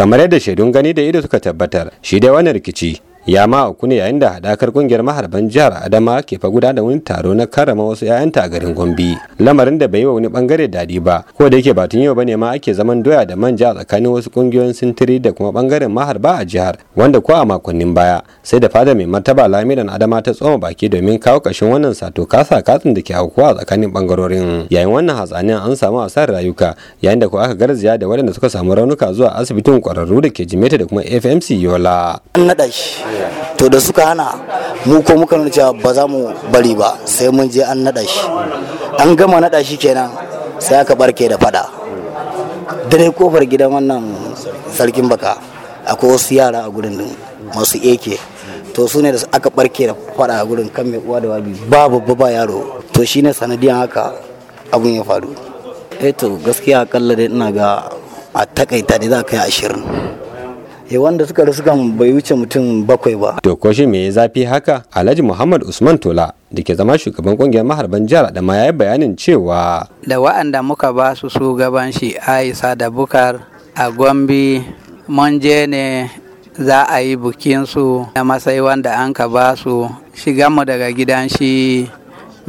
kamar yadda shaidun gani da ido suka tabbatar shi dai wannan rikici ya ma uku ne yayin da hadakar kungiyar maharban jihar adama ke faguda da wani taro na karrama wasu 'ya'yanta a garin gombe lamarin da bai yi wa wani bangare dadi ba ko da yake batun yau bane ma ake zaman doya da manja a tsakanin wasu kungiyoyin sintiri da kuma bangaren maharba a jihar wanda ko a makonnin baya sai da fada mai martaba lamiran adama ta tsoma baki domin kawo kashin wannan sato kasa katsin da ke aukuwa a tsakanin bangarorin yayin wannan hatsaniyar an samu sa rayuka yayin da ko aka garzaya da waɗanda suka samu raunuka zuwa asibitin kwararru da ke jimeta da kuma fmc yola to da suka hana mu ko muka nuna cewa ba za mu bari ba sai mun je an naɗa shi an gama naɗa shi kenan sai aka barke da fada dare kofar gidan wannan sarkin baka akwai wasu yara a gurin masu eke to su ne da aka barke da fada a gurin kan mai uwa da wabi ba babba ba yaro to shine sanadiyan haka abun ya faru eh to gaskiya akalla ina ga a takaita dai za ka yi ashirin e wanda suka rasu kan bai wuce mutum bakwai ba to ko shi me zafi haka Alhaji Muhammad Usman Tola da ke zama shugaban kungiyar maharban jihar Adama ya yi bayanin cewa da wa'anda muka ba su su gaban shi Aisha da Bukar a Gombe mun je ne za a yi su na masai wanda an ka ba su shiganmu daga gidan shi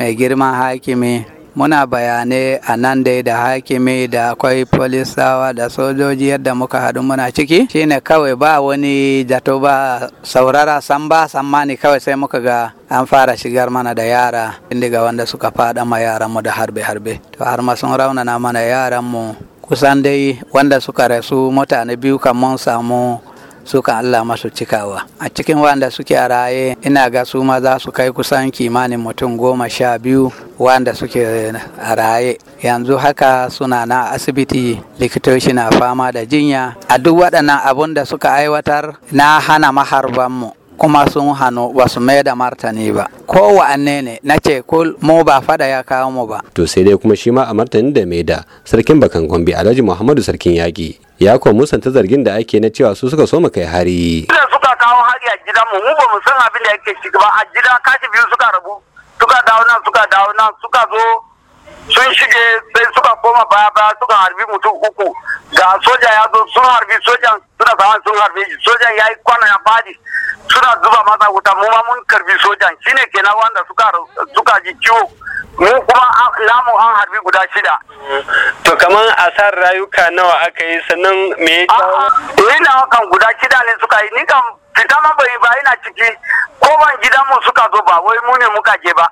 mai girman hakimi muna bayanai a nan dai da hakimi da akwai polisawa da sojoji yadda muka haɗu muna ciki shine kawai ba wani jato ba saurara san ba sammani kawai sai muka ga an fara shigar mana da yara indiga wanda suka faɗa ma yaranmu da harbe-harbe to har ma sun raunana mana yaranmu kusan dai wanda suka rasu mutane biyu kan mun samu suka Allah masu cikawa a cikin wanda suke a raye ina ga su ma za su kai kusan kimanin mutum goma sha biyu wanda suke a raye yanzu haka suna na asibiti likitoci na fama da jinya a duk waɗannan abun da suka aiwatar na hana maharban mu kuma sun hannu ba su mai da martani ba ko wa'anne ne na ce kul mu ba fada ya kawo mu ba to sai dai kuma shi ma a martani da mai da sarkin bakan gombe alhaji muhammadu sarkin yaƙi ya kuwa musanta zargin da ake na cewa su suka so mu kai hari. Ina suka kawo hari a gidan mu mu ba mu san abin da yake shiga ba a gida kashi biyu suka rabu suka dawo nan suka dawo nan suka zo sun shige sai suka koma baya baya suka harbi mutum uku ga soja ya zo sun harbi sojan suna zama sun harbe sojan ya yi kwana ya badi suna zuba masa wuta mu ma mun karbi sojan shine kenan wanda suka suka ji ciwo mu kuma lamu an harbi guda shida to kaman asar rayuka nawa aka yi sannan me ya kawo nawa kan guda shida ne suka yi ni kan fita ma bai ba ina ciki ko ban gida mu suka zo ba wai mu ne muka je ba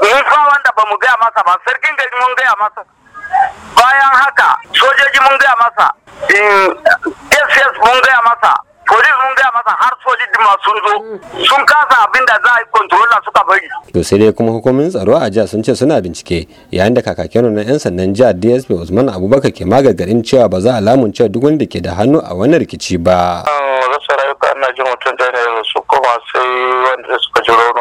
ni fa wanda ba mu gaya masa ba sarkin gari mun gaya masa bayan haka sojoji mun gaya masa ss mun gaya masa polis mun gaya masa har solid masu zo sun kasa abin da za a yi kontrola suka bari to sai dai kuma hukumin tsaro a jihar sun ce suna bincike yayin da kakakin na yan sandan jihar dsp usman abubakar ke gargadin cewa ba za a cewa duk wanda ke da hannu a wannan rikici ba rasa rayuka ana jin mutum da ne su kuma sai wanda suka jiro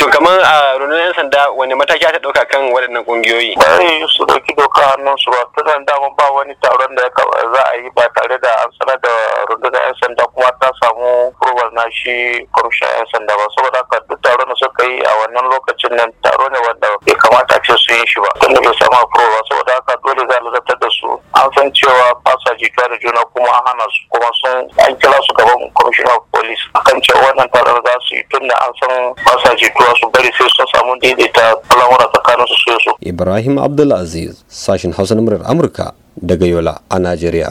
to kamar a ah, rundunar yan sanda wani mataki ta dauka kan waɗannan kungiyoyi eh su dauki doka hannun su ba ta sanda mun ba wani taron da za a yi ba tare da an sanar da rundunar yan sanda kuma ta samu approval na shi kwamishin yan sanda ba saboda haka duk taron da suka yi a wannan lokacin nan taro ne wanda bai kamata a ce sun yi shi ba da bai samu approval saboda haka dole za a an san cewa fasa sa jituwa da juna kuma an hana su kuma sun an kira su gaban commissioner of police akan cewa wannan tarar za su yi tun da an san fasa jituwa su bari sai sun samu daidaita al'amura tsakanin su su. Ibrahim Abdulaziz sashin Hausa na Amurka daga Yola a Najeriya.